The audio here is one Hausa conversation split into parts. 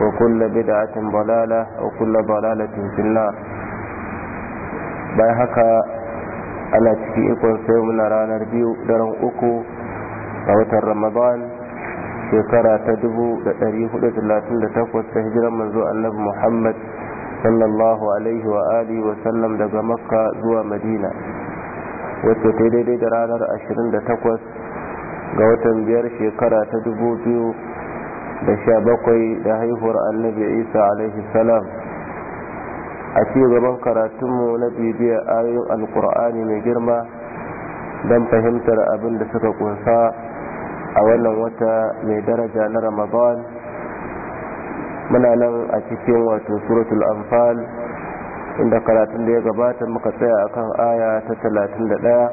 وكل بدعة ضلالة وكل ضلالة في النار باي هكا أنا تكيئكم في يوم رانا ربيو درن أكو أوتا رمضان شكرا تدبو لتريه لتلاتين لتقوى تهجرا من ذو النبي محمد صلى الله عليه وآله وسلم دقى مكة ذو مدينة وتتدي دي درانر أشرين لتقوى ga watan biyar shekara ta da sha bakwai da haihuwar annabi isa alaihi salam a ci gaban karatunmu na bibiyar ayoyin alkur'ani mai girma don fahimtar abin da suka kunsa a wannan wata mai daraja na ramadan muna nan a cikin wato suratul anfal inda karatun da ya gabata muka tsaya akan aya ta talatin da ɗaya,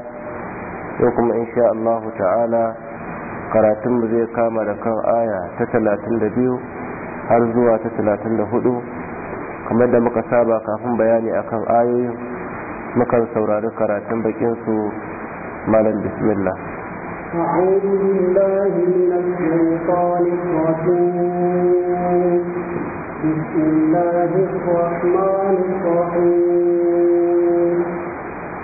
yau kuma insha Allah ta'ala karatun mu zai kama da kan aya ta talatin biyu har zuwa ta talatin da kamar da muka saba kafin bayani akan ayoyi mukan saurari karatun bakin su malam bismillah بسم الله الرحمن الرحيم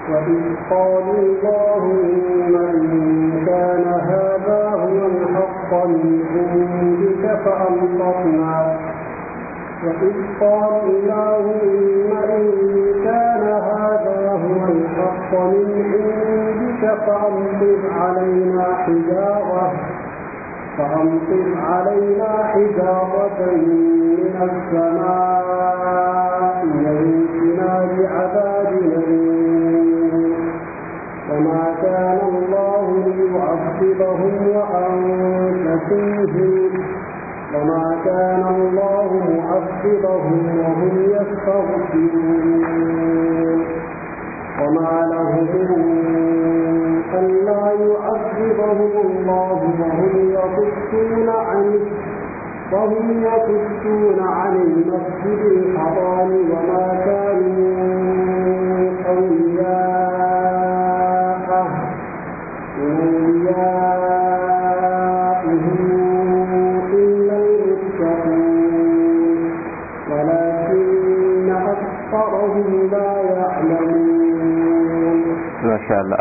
وإذ قالوا اللهم إن كان هذا هو الحق من عندك فأمطرنا وإذ قالوا اللهم إن كان هذا هو الحق من عندك فأمطر علينا حجارة فأمطر علينا حجارة السماء يئتنا بعذاب أليم وما كان الله ليعذبهم وأنت فيهم وما كان الله معذبهم وهم يستغفرون وما لهم ألا يعذبهم الله وهم يصدون عن وهم يصدون عن المسجد الحرام وما كانوا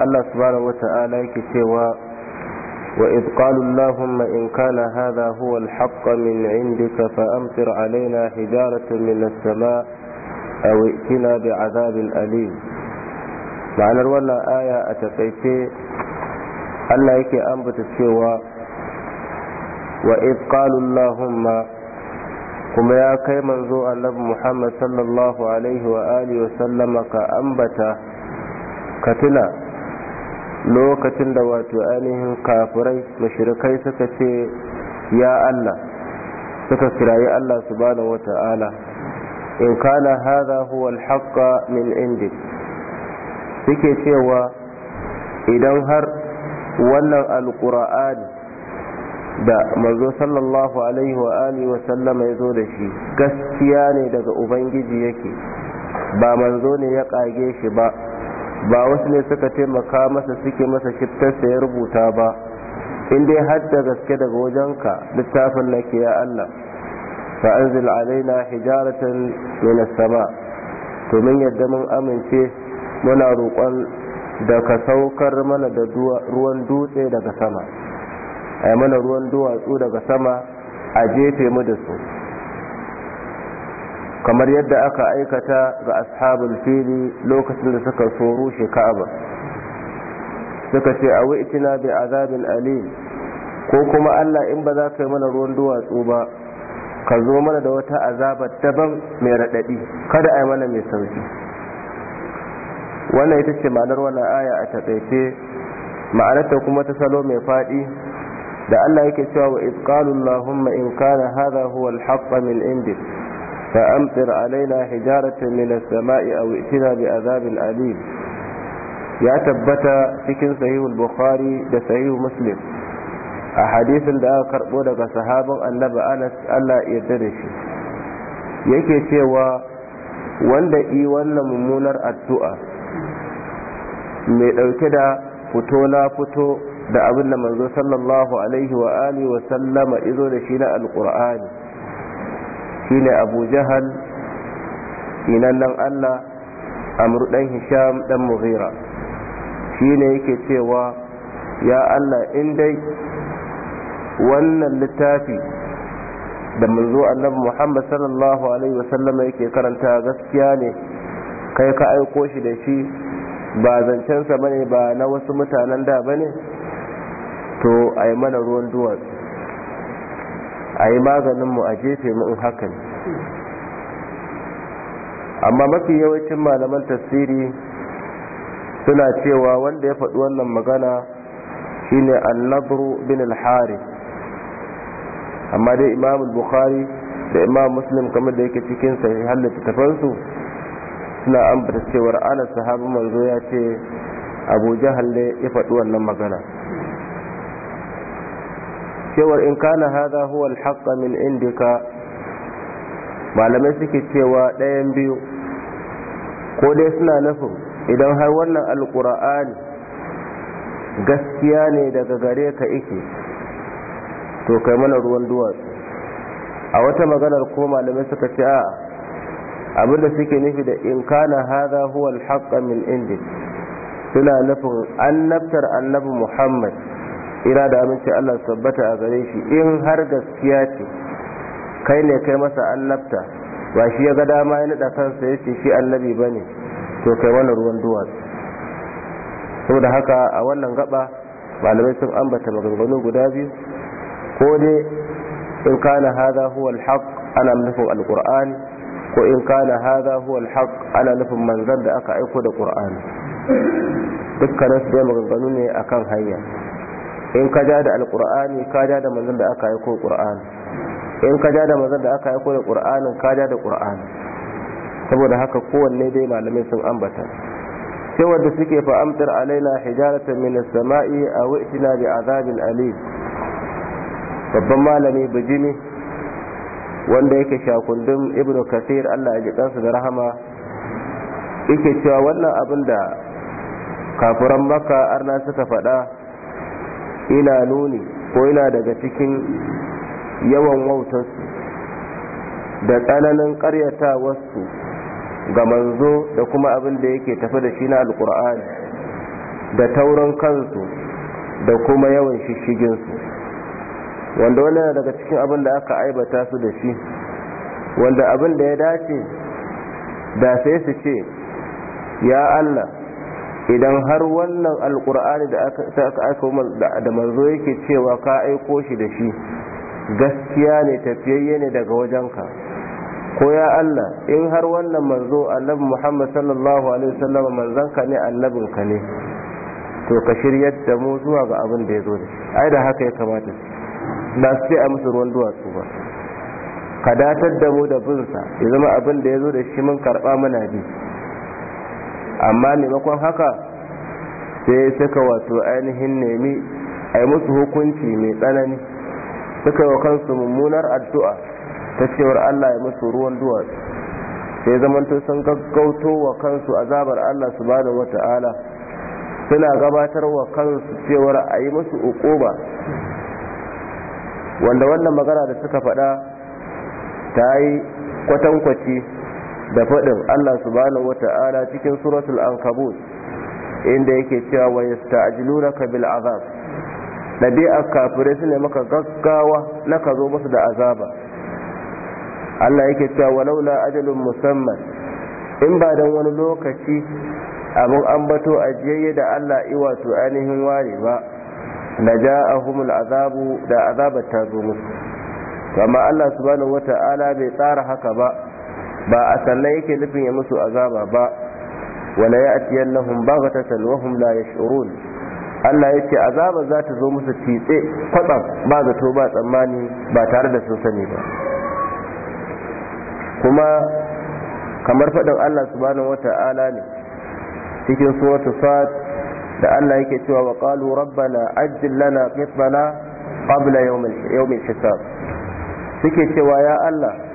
Allah subhanahu wata'ala yake cewa wa idh qalu allahumma in kana hadha huwa al-haqq min 'indika fa amtir 'alaina hijaratan min as-sama' aw i'tina bi'adhabin alim ma'anar wannan aya a takaice Allah yake ambata cewa wa idh qalu allahumma kuma ya kai manzo annabi Muhammad sallallahu alaihi wa alihi wa sallama ka ambata ka tuna lokacin da wato ainihin kafirai mashirikai suka ce ya Allah suka kirayi Allah subhanahu wata'ala in kana hadha huwa al min indik suke cewa idan har wannan alqur'ani da manzo sallallahu alaihi wa alihi wa sallama ya zo da shi gaskiya ne daga ubangiji yake ba manzo ne ya kage shi ba ba wasu ne suka taimaka masa suke masa shiftarsa ya rubuta ba in dai har da gaske daga wajenka littafin ke ya Allah fa anzil alaina hijaratan min as-sama to mun yadda mun amince muna roƙon da ka saukar mana da ruwan dutse daga sama ai mana ruwan duwatsu daga sama a jefe mu da su kamar yadda aka aikata ga ashabul fili lokacin da suka so rushe ka'aba suka ce a wi'tina bi azabin alim ko kuma Allah in ba za ka yi mana ruwan duwatsu ba ka zo mana da wata azabar daban mai raɗaɗi kada a yi mana mai sauki wannan ita ce ma'anar wannan aya a taƙaice ma'anarta kuma ta salo mai faɗi da Allah yake cewa wa idqalu Allahumma in kana hadha huwa al min indik فأمطر علينا حجارة من a أو ائتنا بعذاب أليم ya tabbata cikin sahihu bukhari da sahihul muslim a hadisin da aka karɓo daga sahabin annabi anas allah ya da shi yake cewa wanda yi wannan mummunar addu'a mai ɗauke da fito na fito da abin da manzo sallallahu alaihi wa wa sallama izo da shi na alqur'ani shine abu jahal inannan allah amr dan hisham dan mughira shine yake cewa ya allah in dai wannan littafi da manzo annabi muhammad sallallahu alaihi wasallama yake karanta gaskiya ne kai ka aiko shi da shi ba zancensa bane ba na wasu mutanen da bane to ai mana ruwan duwatsu a yi maganinmu a jefe mu in haka amma mafi yawancin malaman tasiri suna cewa wanda ya faɗi wannan magana shine annabru bin al amma dai imam bukhari da imam muslim kamar da yake cikin sahihan tafansu suna ambata cewar ana sahabin manzo ya ce abu jahal ya faɗi wannan magana cewar in kana hada huwa alhaqqa min indika malamai suke cewa ɗayan biyu ko dai suna nufin idan har wannan alqur'ani gaskiya ne daga gare ka ike to kai mana ruwan duwatsu a wata maganar ko malamai suka ce a abinda suke nufi da in kana hada huwa alhaqqa min indika suna nufin annabtar annabi muhammad Ina da aminci Allah tabbata a gare shi in har gaskiya ce kai ne kai masa annabta ba shi ya ga dama ya nada kansa ya ce shi annabi ne to kai mana ruwan duwatsu saboda haka a wannan gaba malamai sun ambata maganganu guda biyu ko dai in kana haza huwa alhaq ana nufin alqur'ani ko in kana haza huwa alhaq ana nufin manzon da aka aiko da qur'ani dukkanin su dai maganganu ne akan hanya in ka ja da alqur'ani ka ja da manzon da aka yi ko qur'ani in ka ja da manzon da aka yi da qur'anin ka ja da qur'ani saboda haka kowanne dai malamai sun ambata sai wanda suke fa amtar alaina hijaratan min as-sama'i aw itina bi azabil alim babban malami bijimi wanda yake shakundin ibnu kasir Allah ya ji kansa da rahama yake cewa wannan abin da kafiran maka arna suka faɗa ina nuni ko ina daga cikin yawan wautarsu da tsananin wasu ga manzo da kuma abin da yake tafi da shi na alkur'ani da taurin kansu da kuma yawan shishiginsu wanda wani daga cikin abin da aka aibata su da shi wanda abin da ya dace da sai su ce ya allah idan har wannan alkur'ani da aka aiko da manzo yake cewa ka aiko shi da shi gaskiya ne tafiyayye ne daga wajenka ko ya Allah in har wannan manzo annabi Muhammad sallallahu alaihi wasallam manzanka ne annabinka ne to ka shiryar da mu zuwa ga abin da ya zo da ai da haka ya kamata da su ce a musu ruwan duwatsu ba ka datar da mu da binsa ya zama abin da ya zo da shi mun karba muna bi amma maimakon haka sai suka wato ainihin nemi a yi musu hukunci mai tsanani suka yi wa kansu mummunar addu'a ta cewar allah ya musu ruwan duwatsu sai zamanto sun gaggauto wa kansu azabar allah su da wata'ala suna gabatar wa kansu cewar a yi musu ukuba wanda wannan magana da suka faɗa ta yi kwatankwaci da faɗin Allah subhanahu wata'ala cikin suratul ankabut inda yake cewa wa bil azab dabi'a su ne maka gaggawa na ka musu da azaba Allah yake cewa walaula ajalun musamman in ba dan wani lokaci abin ambato ajiyayye da Allah wato ainihin ware ba na ja'ahumul azabu da azabar ta zo musu amma Allah subhanahu wata'ala bai tsara haka ba ba a sallai yake nufin ya musu azaba ba wala ya ati lahum baghatatan wa hum la yash'urun Allah ya azaba za ta zo musu titse kwatsam ba zato ba tsammani ba tare da sun sani ba kuma kamar faɗin Allah subhanahu wata'ala ne cikin suratul fat da Allah yake cewa wa qalu rabbana ajil lana qitbana qabla yawm hisab suke cewa ya Allah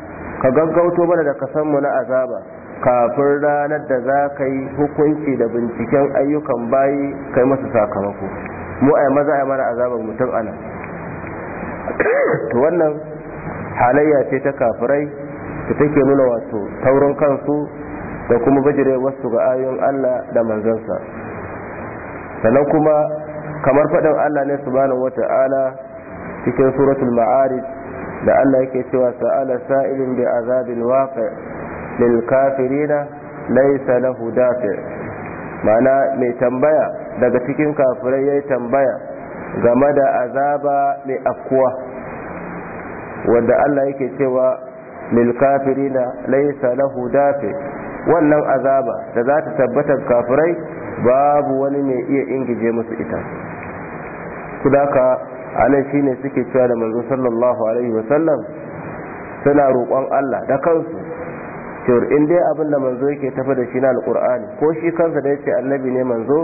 ka gaggauto mana da ka san mu na azaba kafin ranar da za ka yi hukunci da binciken ayyukan bayi kai masu sakamako mu a maza a mana azabar mutum ana to wannan halayya ce ta kafirai da take nuna wato taurin kansu da kuma bajire wasu ga ayoyin Allah da manzansa sannan kuma kamar faɗin Allah ne su subhanahu wata'ala cikin suratul ma'arij da Allah yake cewa sa'ala sa'ilin bi azabil waqi lil kafirina laysa lahu dafi ma'ana mai tambaya daga cikin kafirai yayi tambaya game da azaba mai afkuwa wanda Allah yake cewa lil kafirina laysa lahu dafi wannan azaba da za ta tabbata kafirai babu wani mai iya ingije musu ita kudaka anan ne suke cewa da manzo sallallahu alaihi wasallam suna roƙon Allah da kansu To in dai abin da manzo yake tafi da shi na alƙur'ani ko shi kansa da yake annabi ne manzo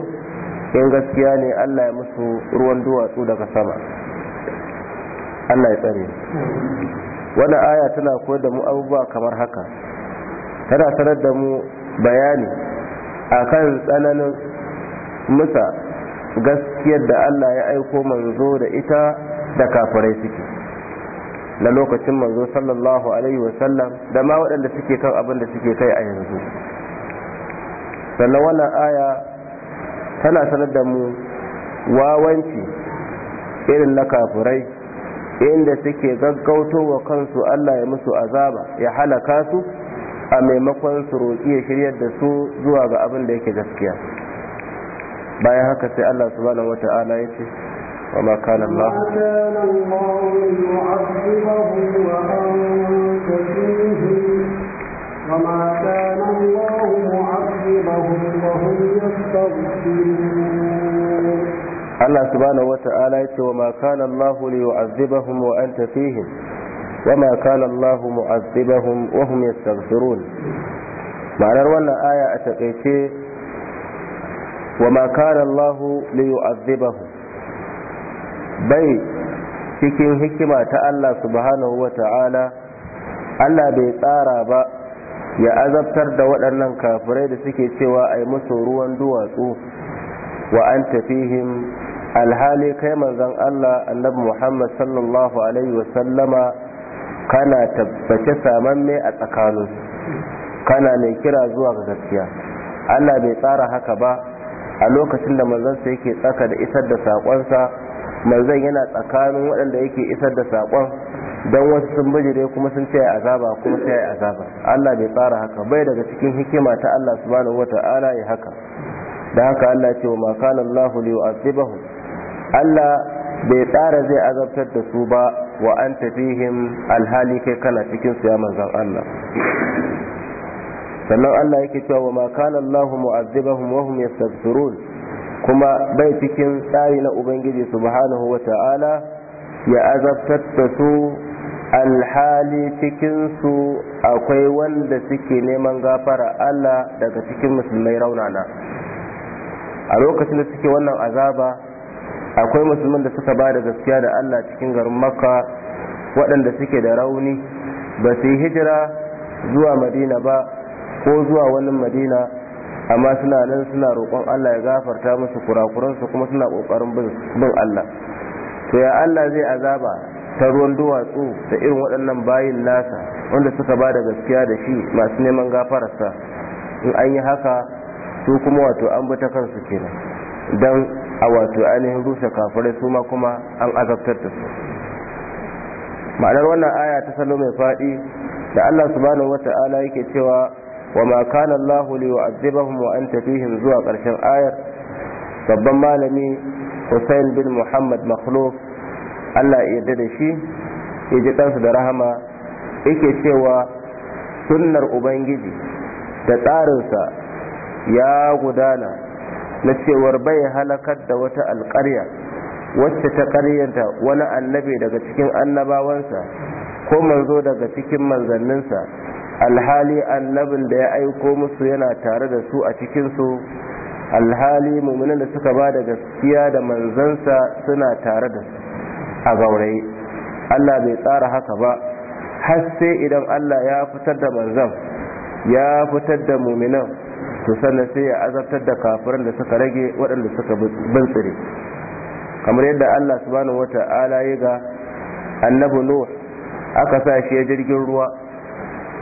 in gaskiya ne Allah ya musu ruwan duwatsu daga sama Allah ya tsare wannan aya tana koyar da mu abubuwa kamar haka tana sanar da mu bayani akan tsananin musa gaskiyar da Allah ya aiko manzo da ita da kafirai suke na lokacin manzo sallallahu alaihi wasallam da ma waɗanda suke kan abin da suke kai a yanzu sannan wannan aya tana sanar da mu wawanci irin na kafirai inda suke gaggauto wa kansu Allah ya musu azaba ya halaka su a maimakon su roƙi ya shiryar da su zuwa ga abin da yake gaskiya bayan haka sai Allah subhanahu wata'ala ya ce wa ma kana Allah wa ma kana ma'anar wannan aya a takaice Wa كان الله ليعذبه bai cikin hikima ta Allah subhanahu wa ta'ala Allah bai tsara ba ya azabtar da waɗannan kafirai da suke cewa yi musu ruwan duwatsu wa an tafihim alhali kai manzon Allah annabi Muhammad sallallahu alaihi wa sallama kana tabbace mai a tsakaninsu kana mai kira zuwa ga gaskiya Allah bai tsara haka ba a lokacin da manzansa yake tsaka da isar da sakonsa manzan yana tsakanin waɗanda yake isar da sakon, don wasu sun bijire kuma sun ce azaba kuma sai azaba Allah bai tsara haka bai daga cikin hikima ta Allah subhanahu wata'ala ya haka da haka Allah ce wa makana Allah li yu'azibahu Allah bai tsara zai azabtar da su ba wa anta fihim alhali kai kana cikin su ya manzan Allah sannan Allah yake cewa wa ma kana Allahu mu'azzibahum wa hum yastaghfirun kuma bai cikin tsari na ubangiji subhanahu wa ta'ala ya azabtar da su alhali cikin su akwai wanda suke neman gafara Allah daga cikin musulmai raunana a lokacin da suke wannan azaba akwai musulman da suka ba da gaskiya da Allah cikin garin makka waɗanda suke da rauni ba su yi hijira zuwa madina ba ko zuwa wani madina amma suna nan suna roƙon allah ya gafarta musu kurakuransu kuma suna ƙoƙarin bin allah to ya allah zai azaba ta ruwan duwatsu da irin waɗannan bayin nasa wanda suka ba da gaskiya da shi masu neman gafararsa in an yi haka su kuma wato an bi ta kansu kenan don a wato ainihin rusa kafirai su ma kuma an azabtar da su ma'anar wannan aya ta salo mai faɗi da allah subhanahu wata'ala yake cewa وما كان الله ليعذبهم وانت فيهم زوى قرش Ayar, babban malami Hussein bin Muhammad Makhluf Allah ya yarda da shi ya ji kansa da rahama yake cewa sunnar Ubangiji da tsarinsa ya gudana na cewar bai halakar da wata alƙarya wacce ta ƙaryanta wani annabi daga cikin annabawansa ko manzo daga cikin manzanninsa alhali annabin da ya aiko musu yana tare da su a cikin su alhali mummunan da suka ba da gaskiya da manzansa suna tare da su a gauraye allah bai tsara haka ba har sai idan allah ya fitar da manzan ya fitar da muminan to sannan sai ya azabtar da kafirin da suka rage waɗanda suka bintsire kamar yadda allah subhanahu wata'ala ya ga annabi nuh aka sa shi ya jirgin ruwa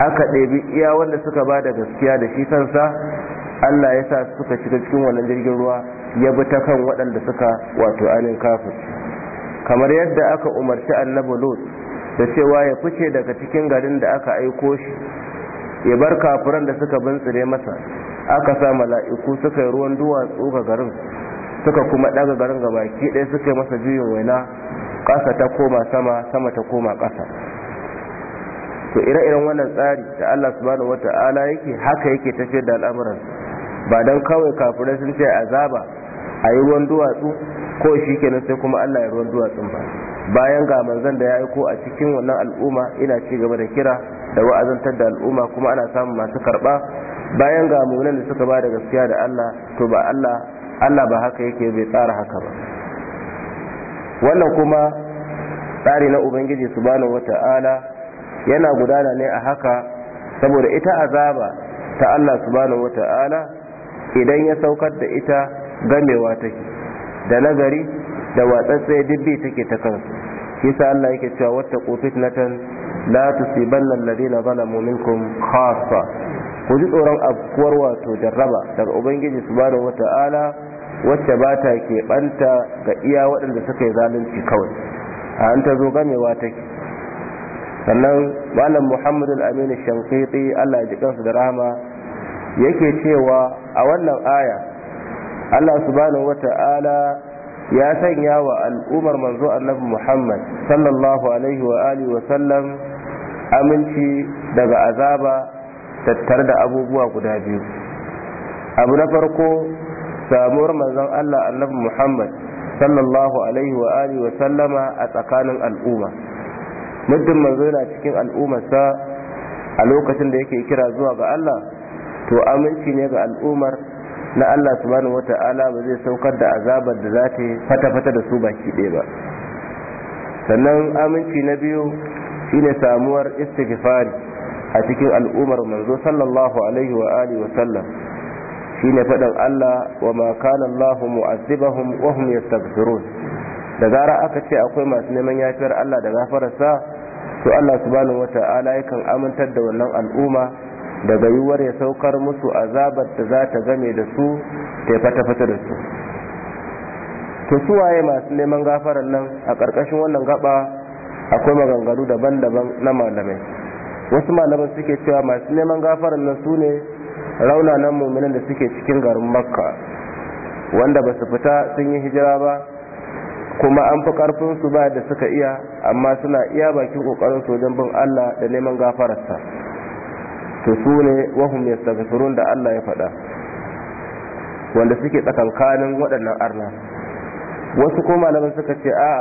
aka ɗebi iya wanda suka ba da gaskiya da shi kansa Allah ya sa suka shiga cikin wannan jirgin ruwa ya bi ta kan waɗanda suka wato anin kafin kamar yadda aka umarci annabi lot da cewa ya fice daga cikin garin da aka aiko shi ya bar kafiran da suka bintsire masa aka sa mala'iku suka yi ruwan duwatsu ga garin suka kuma ɗaga garin ga baki ɗaya suka yi masa juyin waina ƙasa ta koma sama sama ta koma ƙasa to ire-iren wannan tsari da Allah subhanahu wata'ala yake haka yake tafiyar da al'amuran ba dan kawai kafirai sun ce azaba a yi ruwan duwatsu ko shi kenan sai kuma Allah ya ruwan duwatsun ba bayan ga manzon da ya aiko a cikin wannan al'umma ina ci gaba da kira da wa'azantar da al'umma kuma ana samun masu karɓa, bayan ga munan da suka ba da gaskiya da Allah to ba Allah Allah ba haka yake bai tsara haka ba wannan kuma tsari na ubangiji subhanahu wata'ala yana gudana ne a haka saboda ita azaba ta Allah subhanahu wata'ala idan ya saukar da ita gamewa take da nagari da watsatsaye dubbi take ta kansu sa Allah yake cewa na fitnatan la tusibanna alladhina zalamu minkum khassa ku ji tsoron afkuwar wato jarraba daga ubangiji subhanahu wata'ala wacce ba ta keɓanta ga iya waɗanda suka yi zalunci kawai a an ta zo gamewa take sannan malam muhammad al-amin shankiti allah ya ji kansu da rahama yake cewa a wannan aya allah subhanahu wata'ala ya sanya wa al'ummar manzo annabi muhammad sallallahu alaihi wa alihi wa sallam aminci daga azaba tattare da abubuwa guda biyu abu na farko samuwar manzon allah annabi muhammad sallallahu alaihi wa alihi wa sallama a tsakanin al'umma muddin manzo yana cikin al'ummarsa a lokacin da yake kira zuwa ga Allah to aminci ne ga al'ummar na Allah subhanahu wata'ala ba zai saukar da azabar da za ta fata-fata da su baki ɗaya ba sannan aminci na biyu shine samuwar istighfari a cikin al'ummar manzo sallallahu alaihi wa alihi wa sallam shine faɗin Allah wa ma kana Allah mu'azzibahum wa hum yastaghfirun da gara aka ce akwai masu neman yafiyar Allah da gafararsa to Allah subhanahu wata'ala yakan amintar da wannan al'umma daga yiwuwar ya saukar musu azabar da za ta game da su ta fata-fata da su to su waye masu neman gafarar nan a ƙarƙashin wannan gaba akwai maganganu daban-daban na malamai wasu malaman suke cewa masu neman gafarar nan su ne raunanan muminan da suke cikin garin makka wanda ba su fita sun yi hijira ba kuma an fi karfin su ba da suka iya amma suna iya bakin kokarin su bin Allah da neman gafararsa to su ne wahum yastaghfirun da Allah ya faɗa wanda suke tsakankanin waɗannan arna wasu ko malaman suka ce a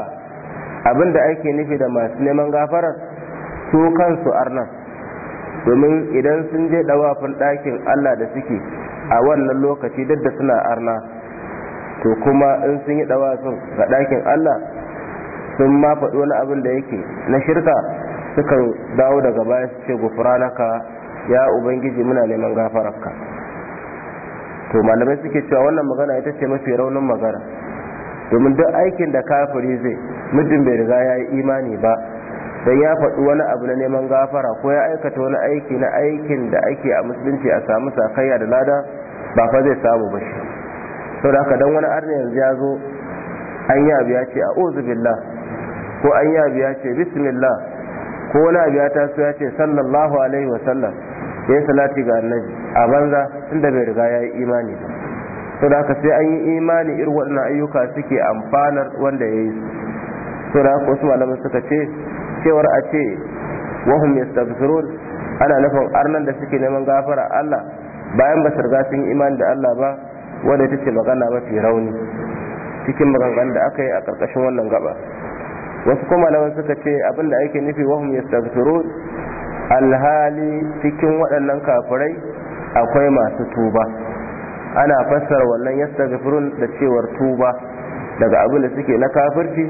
abin da ake nufi da masu neman gafarar su kansu arna domin idan sun je dawafin ɗakin Allah da suke a wannan lokaci duk da suna arna to kuma in sun yi ɗawasun ga ɗakin Allah sun ma faɗi wani abin da yake na shirka suka dawo daga baya su ce gufuranaka ya ubangiji muna neman gafararka to malamai suke cewa wannan magana ita ce mafi raunin magana domin duk aikin da kafiri zai muddin bai riga ya yi imani ba dan ya faɗi wani abu na neman gafara ko ya aikata wani aiki na aikin da ake a musulunci a samu sakayya da lada ba fa zai samu ba shi saboda haka dan wani arna yanzu ya zo an yi abu ya ce Ozu biLla, ko an yi abu ya ce bismillah ko wani abu ya taso ya ce sallallahu alaihi wa sallam ya yi salati ga annabi a banza tunda bai riga ya yi imani ba saboda haka sai an yi imani irin waɗannan ayyuka suke amfanar wanda ya yi su saboda haka wasu malamai suka ce cewar a ce wahum yastaghfirun ana nufin arnan da suke neman gafara Allah bayan ba su riga sun yi imani da Allah ba wadda ta ce magana mafi rauni cikin maganganun da aka yi a ƙarƙashin wannan gaba wasu kuma malaman suka ce abin da ake nufi wahum yastaghfirun alhali cikin waɗannan kafirai akwai masu tuba ana fassara wannan yastaghfirun da cewar tuba daga abin da suke na kafirci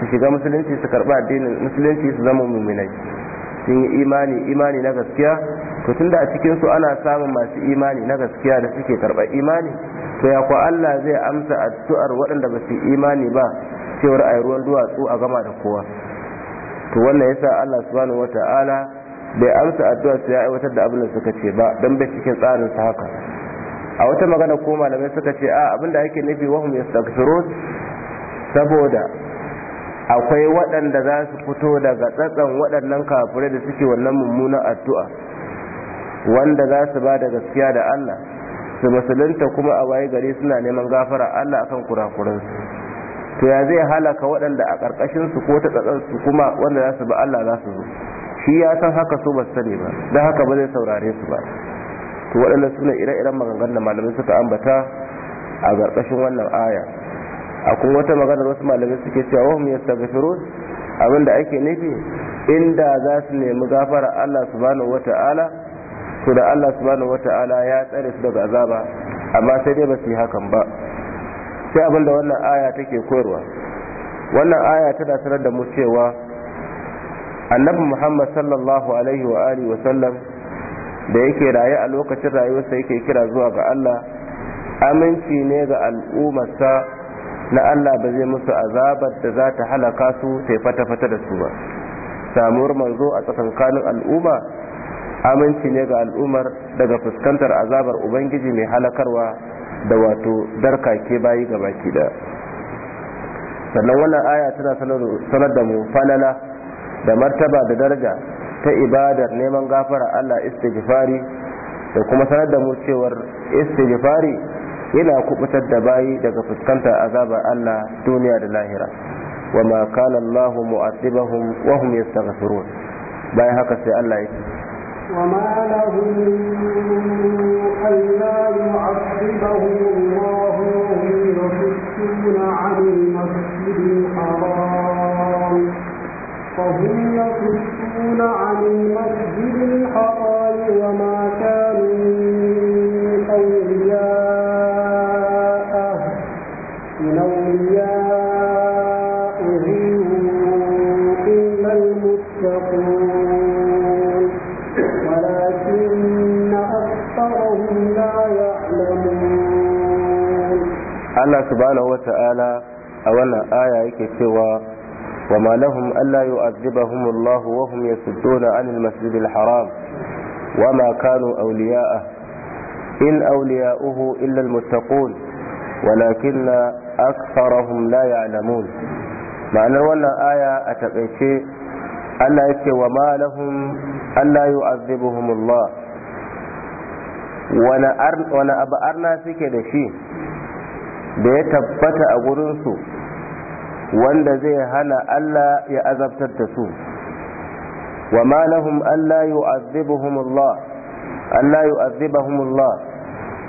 su shiga musulunci su karɓa addinin musulunci su zama muminai sun yi imani imani na gaskiya to tunda a cikin su ana samun masu imani na gaskiya da suke karɓar imani to ya ku Allah zai amsa addu'ar waɗanda ba su imani ba cewar a ruwan duwatsu a gama da kowa to wannan yasa Allah subhanahu wata'ala bai amsa addu'a su ya aiwatar da abin da suka ce ba dan bai cikin tsarin sa haka a wata magana ko malamai suka ce a abin da ake nufi hum yastaghfirun saboda akwai waɗanda za su fito daga tsatsan waɗannan kafirai da suke wannan mummunan addu'a wanda za su ba da gaskiya da Allah su musulunta kuma a waye gare suna neman gafara Allah akan kurakuransu to ya zai halaka waɗanda a ƙarƙashin su ko ta su kuma wanda za su bi Allah za su zo shi ya san haka so ba sani ba don haka ba zai saurare su ba to waɗanda suna ire-iren maganganun da malamai suka ambata a ƙarƙashin wannan aya a kuma wata maganar wasu malamai suke cewa wahum yastaghfirun abin abinda ake nufi inda za su nemi gafara Allah subhanahu wata'ala to da Allah subhanahu wata'ala ya tsare su daga azaba amma sai dai ba su yi hakan ba sai abin da wannan aya take koyarwa wannan aya tana sanar da mu cewa annabi Muhammad sallallahu alaihi wa alihi wa sallam da yake raye a lokacin rayuwarsa yake kira zuwa ga Allah aminci ne ga al'ummarsa na Allah ba zai musu azabar da za ta halaka su sai fata-fata da su ba samuwar manzo a tsakankanin al'umma aminci ne ga al'ummar daga fuskantar azabar ubangiji mai halakarwa da wato darkake bayi ga baki da sannan wannan aya tana sanar da mu falala da martaba da daraja ta ibadar neman gafara Allah istighfari da kuma sanar da mu cewar istighfari yana kubutar da bayi daga fuskantar azabar Allah duniya da lahira wa ma kana Allah mu'azzibahum wa hum yastaghfirun bayan haka sai Allah ya وما له ألا يعذبهم الله وهم يصدون عن المسجد الحرام فهم يصدون عن المسجد الحرام وما كانوا أولياءه من إلا المتقون Allah subhanahu wa ta'ala a wannan aya yake cewa wa ma lahum alla yu'adhibahum Allah wa hum yasudduna 'anil masjidil haram wa ma kanu awliya'a in awliya'uhu illa almuttaqun walakinna aktharahum la ya'lamun ma'anar wannan aya a takaice Allah yake wa ma lahum alla yu'adhibuhum Allah wani abu arna suke da shi da ya tabbata a su wanda zai hana Allah ya azabtar da su wa ma lahum Allah alla yu'adhibuhum Allah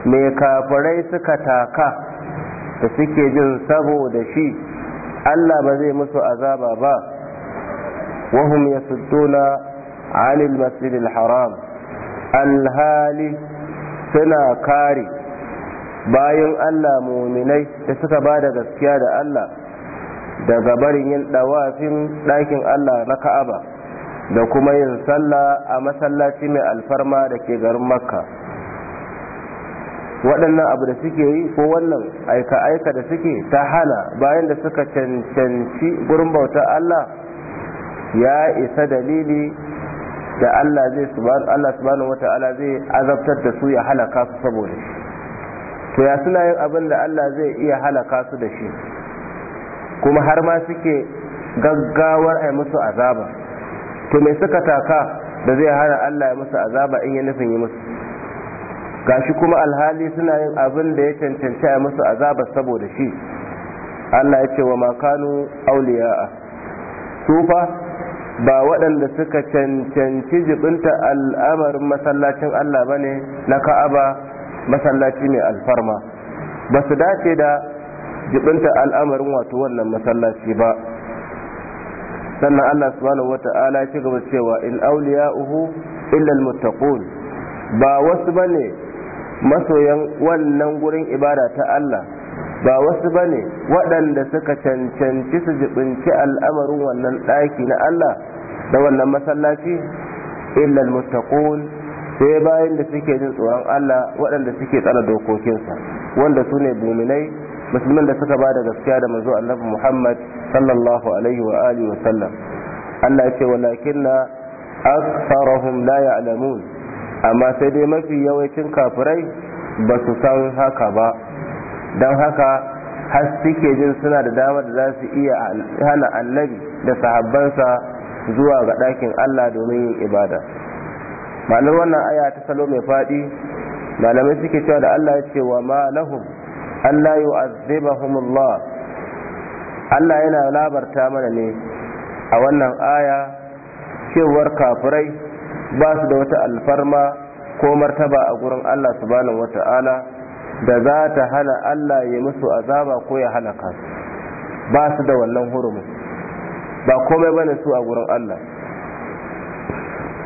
me kafirai suka taka da suke jin saboda shi Allah ba zai musu azaba ba wa hum yasudduna 'anil masjidil haram alhali suna kare bayan Allah muminai da suka ba da gaskiya da Allah daga barin yin dawafin ɗakin Allah na Ka'aba da kuma yin sallah a masallaci mai alfarma da ke garin Makka waɗannan abu da suke yi ko wannan aika-aika da suke ta hana bayan da suka cancanci gurin bautar Allah ya isa dalili da Allah subhanahu wata'ala zai azabtar da su ya halaka su saboda shi to ya suna yin abin da Allah zai iya halaka su da shi kuma har ma suke gaggawar a musu azaba to me suka taka da zai hana Allah ya musu azaba in ya nufin yi musu gashi kuma alhali suna yin abin da ya cancanci a musu azaba saboda shi Allah ya ce wa makanu auliya'a a. Tufa ba waɗanda suka cancanci jibinta al'amarin masallacin Allah ba ne na Ka'aba masallaci mai alfarma ba su dace da jibinta al'amarin wato wannan masallaci ba sannan Allah subhanahu wata'ala ya ci gaba cewa in uhu? illa almuttaqun ba wasu bane masoyan wannan gurin ibada ta Allah ba wasu bane waɗanda suka cancanci su jibinci al'amarin wannan ɗaki na Allah da wannan masallaci illa almuttaqun sai bayan da suke jin tsoron Allah waɗanda suke tsara dokokinsa wanda su ne buminai musulmin da suka ba da gaskiya da mazu annabi Muhammad sallallahu alaihi wa alihi wa sallam Allah ya ce walakinna aktharuhum la ya'lamun amma sai dai mafi yawancin kafirai ba su san haka ba dan haka har suke jin suna da damar da za su iya hana annabi da sahabbansa zuwa ga ɗakin Allah domin yin ibada ma'anar wannan aya ta salo mai faɗi malamai suke cewa da Allah ya ce wa ma lahum Allah yu'azzibahum Allah Allah yana labarta mana ne a wannan aya cewar kafirai ba su da wata alfarma ko martaba a gurin Allah subhanahu wata'ala da za ta hana Allah ya musu azaba ko ya halaka su ba su da wannan hurumin ba komai bane su a gurin Allah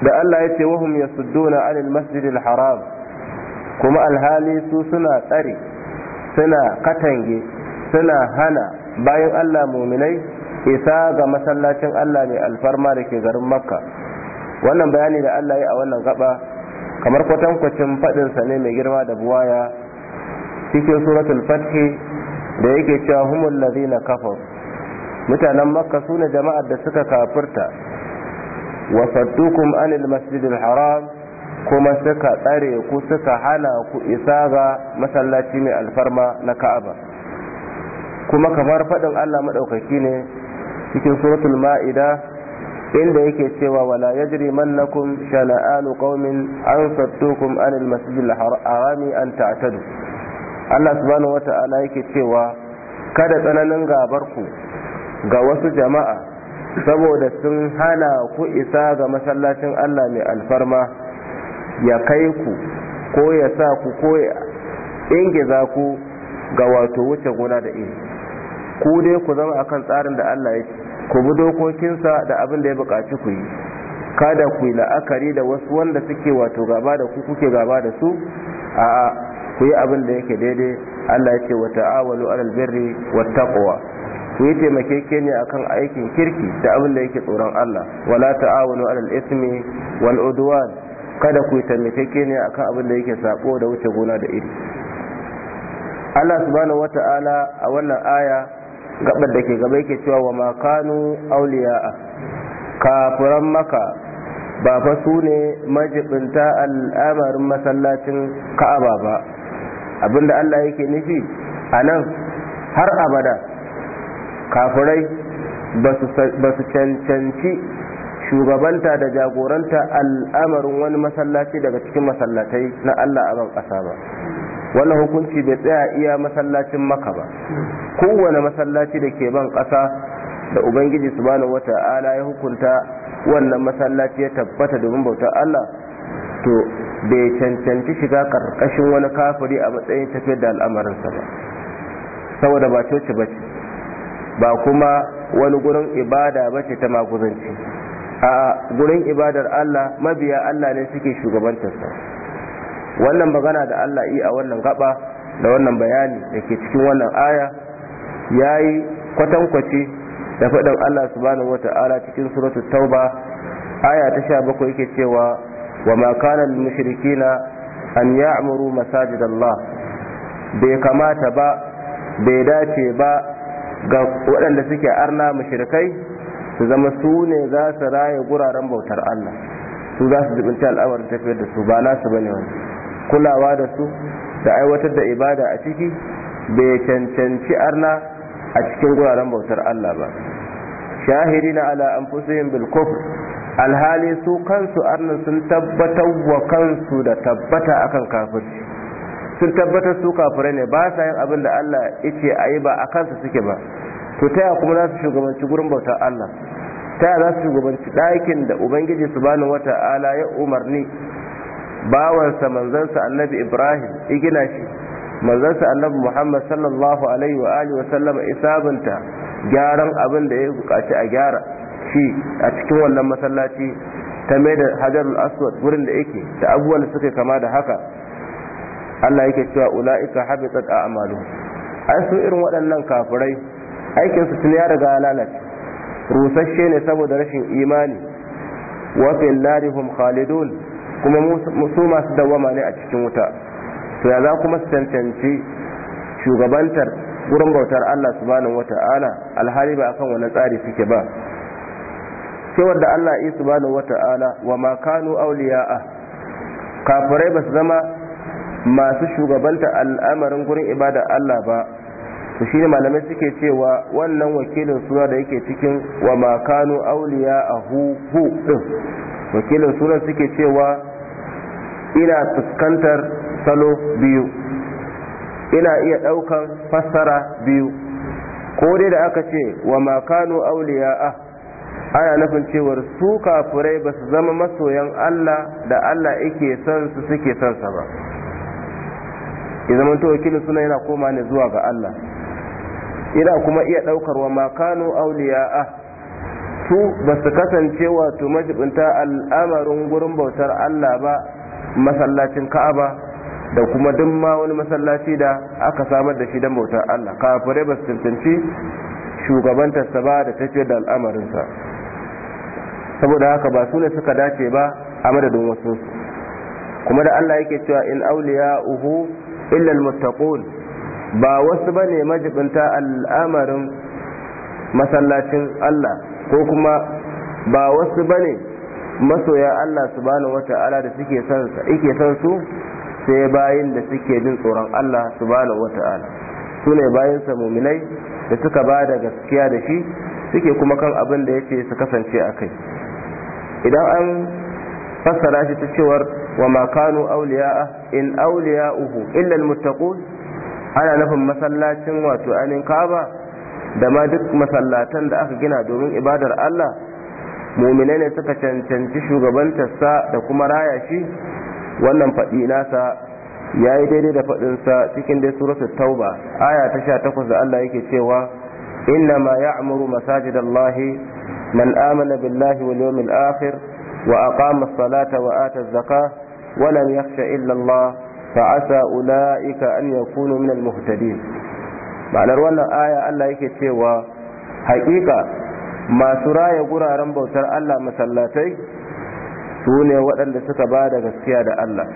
da Allah ya ce wa wahum yasudduna an masjidil haram kuma alhali su suna tsare suna katange suna hana bayan Allah muminai isa ga masallacin Allah ne alfarma da ke garin makka wannan bayani da Allah ya a wannan gaba kamar kwatankwacin sa ne mai girma da buwaya cikin suratul fathi da yake cewa humul ladina kafar mutanen makka su ne jama'ar da suka kafirta wasaddukum anil masjidil haram kuma suka tsare ku suka hana ku isa ga masallaci mai alfarma na ka'aba kuma kamar faɗin allah maɗaukaki ne cikin suratul ma'ida inda yake cewa wala yajri mannakum shana'anu qaumin an sattukum anil masjidil harami an ta'tadu Allah subhanahu wata'ala yake cewa kada tsananin gabar ku ga wasu jama'a saboda sun hana ku isa ga masallacin Allah mai alfarma ya kai ku ko ya sa ku ko ya ingiza ku ga wato wuce gona da iri ku dai ku zama akan tsarin da Allah ya ku bi dokokinsa da abin da ya buƙaci ku yi kada ku yi la'akari da wasu wanda suke wato gaba da ku kuke gaba da su a'a ku yi abin da yake daidai Allah ya ce wa ta'awalu alal birri wattaqwa ku yi taimakeke ne akan aikin kirki da abin da yake tsoron Allah wala ta'awunu alal ismi wal udwan kada ku yi taimakeke ne akan abin da yake sako da wuce gona da iri Allah subhanahu wata'ala a wannan aya gabar da ke gaba yake cewa wa ma kanu awliya'a kafiran maka ba fa su ne majibinta al'amarin masallacin ka'aba ba abinda Allah yake nufi a nan har abada kafirai ba su cancanci shugabanta da jagoranta al'amarin wani masallaci daga cikin masallatai na Allah a ban ƙasa ba wannan hukunci bai tsaya iya masallacin maka ba kowane masallaci da ke ban ƙasa da ubangiji su subhanahu wata'ala ya hukunta wannan masallaci ya tabbata domin bautar Allah to bai cancanci shiga karkashin wani kafiri a matsayin tafiyar da al'amarinsa ba saboda ba coci ba ce ba kuma wani gurin ibada ba ce ta maguzanci a gurin ibadar Allah mabiya Allah ne suke shugabantarsa wannan magana da Allah yi a wannan gaba da wannan bayani da ke cikin wannan aya ya yi kwatankwace da faɗin Allah subhanahu wa ta'ala cikin suratu tauba aya ta sha bakwai yake cewa wa makanan kana lil mushrikina an ya'muru masajidallah bai kamata ba bai dace ba ga waɗanda suke arna mashirkai su zama su ne za su raye guraren bautar Allah su za su al'amarin tafiyar da su ba nasu bane wani kulawa da su da aiwatar da ibada a ciki bai cancanci arna a cikin guraren bautar Allah ba Shahiri ala anfusihim bil bilkof alhali su kansu arna sun tabbatar wa kansu da tabbata akan kafirci sun tabbatar su kafirai ne ba sa yin abin da Allah ya ce a yi ba a kansa suke ba to taya kuma za su shugabanci gurin bautar Allah taya za su shugabanci dakin da ubangiji subhanahu wata'ala ya umarni bawansa manzansa annabi ibrahim igina shi manzansa annabi muhammad sallallahu alaihi wa alihi wa sallama isabanta gyaran abin da ya bukaci a gyara shi a cikin wannan masallaci ta mai da hajarul aswad gurin da yake da abubuwan da suka kama da haka Allah yake cewa ula'ika habitat a'malu ai su irin waɗannan kafirai aikin su ya riga lalace rusasshe ne saboda rashin imani wa fil narihum khalidun kuma su masu dawama ne a cikin wuta to ya za kuma su tantance shugabantar gurin bautar Allah subhanahu wata'ala alhali ba akan wani tsari suke ba cewar da Allah subhanahu wata'ala wa ma kanu awliya'a kafirai ba su zama masu shugabanta al'amarin gurin ibada Allah ba to shine malamai suke cewa wannan wakilin suna da yake cikin wa makanu auliya a hu hu din wakilin sura suke cewa ina fuskantar salo biyu ina iya ɗaukan fassara biyu ko dai da aka ce wa makanu auliya a ana nufin cewar su kafurai ba su zama masoyan Allah da Allah yake son su suke son sa ba ya zama to wakilin suna yana koma ne zuwa ga Allah ina kuma iya ɗaukar wa makano auliya a su ba su kasance wato majibinta al'amarin gurin bautar Allah ba masallacin Ka'aba da kuma duk ma wani masallaci da aka samar da shi don bautar Allah kafare ba su cancanci shugabantarsa ba da tafiyar da al'amarinsa saboda haka ba su ne suka dace ba a madadin wasu kuma da Allah yake cewa in uhu illa almuttaqun ba wasu bane majibinta al'amarin masallacin Allah ko kuma ba wasu bane masoya Allah subhanahu wata'ala da suke son yake son su sai bayin da suke jin tsoron Allah subhanahu wata'ala su ne bayin sa muminai da suka ba da gaskiya da shi suke kuma kan abin da yake su kasance a kai idan an fassara shi ta cewar wa ma kanu awliya'a in awliya'uhu illa almuttaqun ana nufin masallacin wato anin kaba. da ma duk masallatan da aka gina domin ibadar Allah muminai ne suka cancanci shugabantarsa da kuma raya shi wannan faɗi nasa ya yi daidai da faɗinsa cikin dai suratul tauba aya ta sha takwas da Allah yake cewa inna ma ya'muru masajidallahi man amana billahi wal yawmil akhir وأقام الصلاة وآتى الزكاة illallah, يخش إلا الله فعسى أولئك أن يكونوا من المهتدين ma'anar wannan aya Allah yake cewa haƙiƙa masu raya guraren bautar Allah masallatai su ne waɗanda suka ba da gaskiya da Allah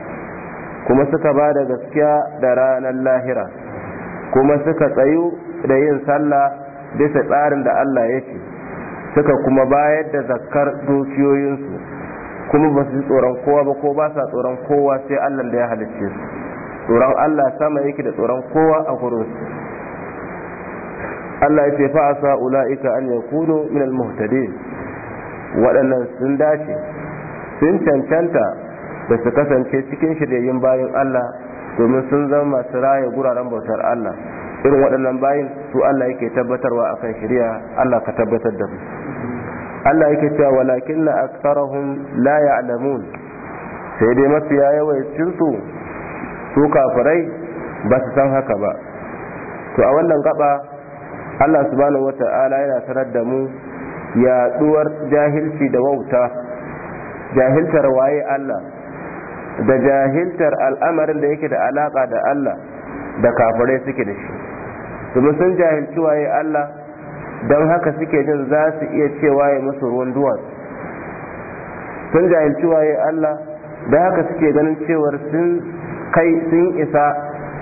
kuma suka ba da gaskiya da ranar lahira kuma suka tsayu da yin sallah bisa tsarin da Allah ya ce suka kuma bayar da zakkar dukiyoyinsu kuma ba su tsoron kowa ba ko ba sa tsoron kowa sai Allah da ya halicce su tsoron Allah sama yake da tsoron kowa a gurin su Allah ya ce fa asa ulaika an yakunu min al muhtadin waɗannan sun dace sun cancanta da su kasance cikin shiryayyun bayin Allah domin sun zama masu raya guraren bautar Allah irin waɗannan bayin su Allah yake tabbatarwa akan shirya Allah ka tabbatar da su Allah yake cewa walakin na aksarahum la ya'lamun sai dai mafiya yawancin su su kafirai ba su san haka ba to a wannan gaba Allah subhanahu wata'ala yana sanar da mu yaduwar jahilci da wauta jahiltar waye Allah da jahiltar al'amarin da yake da alaka da Allah da kafirai suke da shi domin sun jahilci waye Allah don haka suke jin za su iya cewa ya musu ruwan duwatsu sun jahilci waye Allah da haka suke ganin cewar sun kai sun isa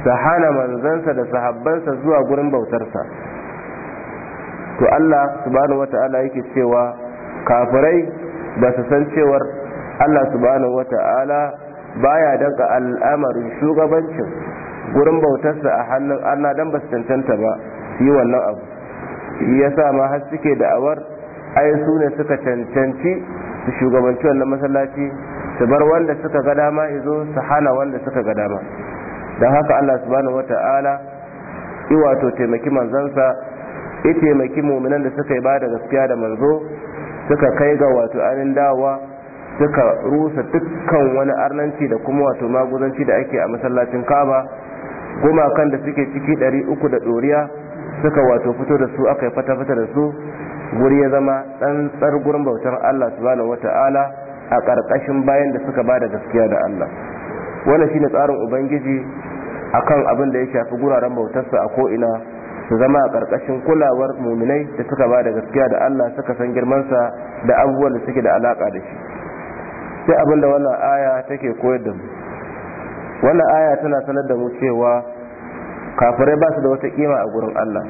su hana manzansa da sahabbansa zuwa gurin bautarsa to Allah subhanahu wata'ala yake cewa kafirai ba su san cewar Allah subhanahu wata'ala baya daga al'amarin shugabancin gurin bautarsa a hannun Allah don ba su cancanta ba su yi wannan abu ya sa ma har suke da'awar ai su ne suka cancanci su shugabanci wannan masallaci su bar wanda suka ga dama izo su hana wanda suka ga dama don haka Allah subhanahu wata'ala i wato taimaki manzansa i taimaki muminan da suka yi ba da gaskiya da manzo suka kai ga wato anin dawa suka rusa dukkan wani arnanci da kuma wato maguzanci da ake a masallacin kaba gumakan da suke ciki ɗari uku da ɗoriya suka wato fito da su aka yi fata-fata da su guri ya zama tsantsar gurin bautar Allah subhanahu wata'ala a ƙarƙashin bayan da suka bada gaskiya da Allah wannan shine tsarin ubangiji akan abin da ya shafi guraren bautarsa a ko'ina su zama a ƙarƙashin kulawar muminai da suka bada gaskiya da Allah suka san girmansa da abubuwan da suke da alaƙa da shi sai abin da wannan aya take koyar da mu wannan aya tana sanar da mu cewa kafirai ba su da wata kima a gurin Allah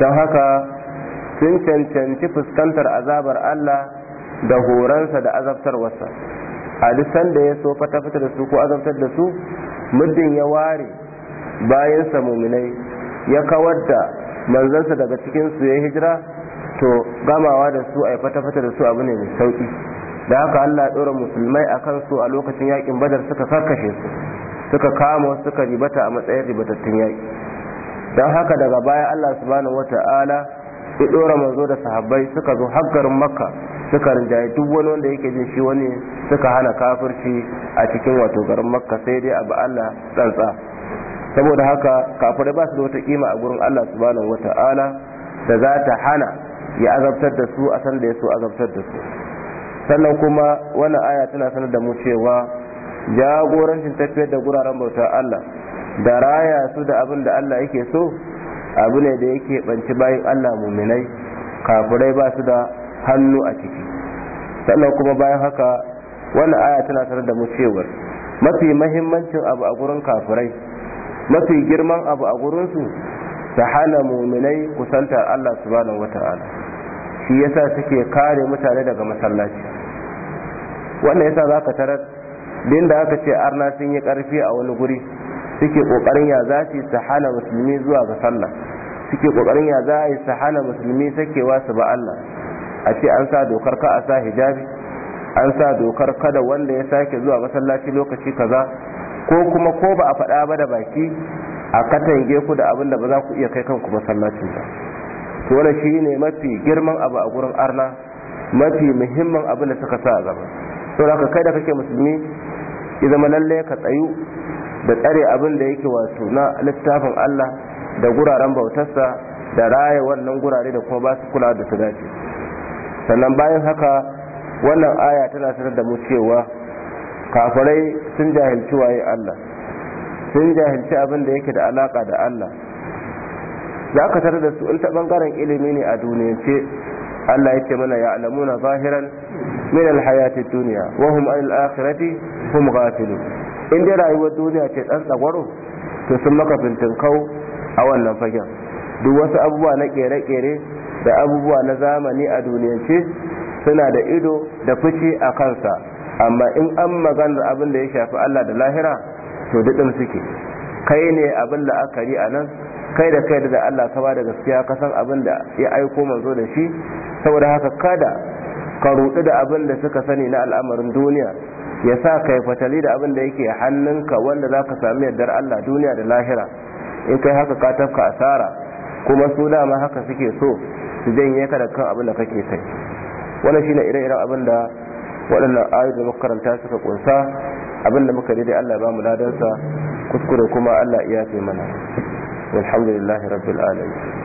don haka sun cancanci fuskantar azabar Allah da horonsa da azabtarwarsa a duk sanda ya so fata fita da su ko azabtar da su muddin ya ware bayansa muminai ya kawar da manzansa daga cikin su ya hijira to gamawa da su a yi fata fita da su abu ne mai sauki da haka Allah ya ɗora musulmai a kan su a lokacin yakin badar suka karkashe su suka kama wasu suka ribata a matsayin ribatattun yaƙi don haka daga baya Allah subhanahu wata'ala ya ɗora manzo da sahabbai suka zo haggarin makka suka rinjaye duk wani wanda yake jin shi wani suka hana kafirci a cikin wato garin makka sai dai abu Allah tsantsa saboda haka kafirai ba su da wata kima a gurin Allah subhanahu wata'ala da za ta hana ya azabtar da su a san da ya so azabtar da su sannan kuma wannan aya tana sanar da mu cewa jagorancin tafiyar da guraren bautar Allah da raya su da abin da Allah yake so abu ne da yake banci bayan Allah muminai kafirai ba su da hannu a ciki sannan kuma bayan haka wannan aya tana tare da mu cewar mafi mahimmancin abu a gurin kafirai mafi girman abu a gurinsu su hana muminai kusantar Allah subhanahu wata'ala shi yasa suke kare mutane daga masallaci wannan yasa zaka ka tarar din da aka ce arna sun yi karfi a wani guri suke kokarin ya za su sahala musulmi zuwa ga sallah suke kokarin ya za su sahala musulmi sakewa su ba Allah a ce an sa dokar ka a sa hijabi an sa dokar kada wanda ya sake zuwa masallaci lokaci kaza ko kuma ko ba a faɗa ba da baki a katange ku da abin da ba za ku iya kai kanku masallacin ba to wannan ne mafi girman abu a gurin arna mafi muhimman abin da suka sa a gaba saboda kai da kake musulmi ya zama lalle ka tsayu da tsare abin da yake wato na littafin Allah da guraren bautarsa da raya wannan gurare da kuma ba su kula da su dace sannan bayan haka wannan aya tana sanar da mu cewa kafirai sun jahilci waye Allah sun jahilci abin da yake da alaka da Allah za ka tare da su in ta bangaren ilimi ne a duniyance Allah ya ce mana ya alamuna zahiran min alhayati dunya wa hum anil akhirati hum ghafilun in dai rayuwar duniya ce dan tsagwaro to sun maka kau a wannan fagen duk wasu abubuwa na kere-kere da abubuwa na zamani a duniyance suna da ido da fice a kansa amma in an maganar abin da ya shafi Allah da lahira to duɗin suke kai ne abin la'akari a nan kai da kai da Allah ka ba da gaskiya ka san abin da ya aiko manzo da shi saboda haka kada ka rudu da abin da suka sani na al'amarin duniya ya sa kai fatali da abin da yake hannunka wanda za ka sami yardar Allah duniya da lahira in kai haka ka tafka asara kuma su dama haka suke so su janye ka da kan abin da kake sai. wannan shine ire-iren abin da waɗannan ayoyi da muka suka kunsa abin da muka daidai Allah ba mu ladansa kuskure kuma Allah iya mana walhamdulillahi rabbil alamin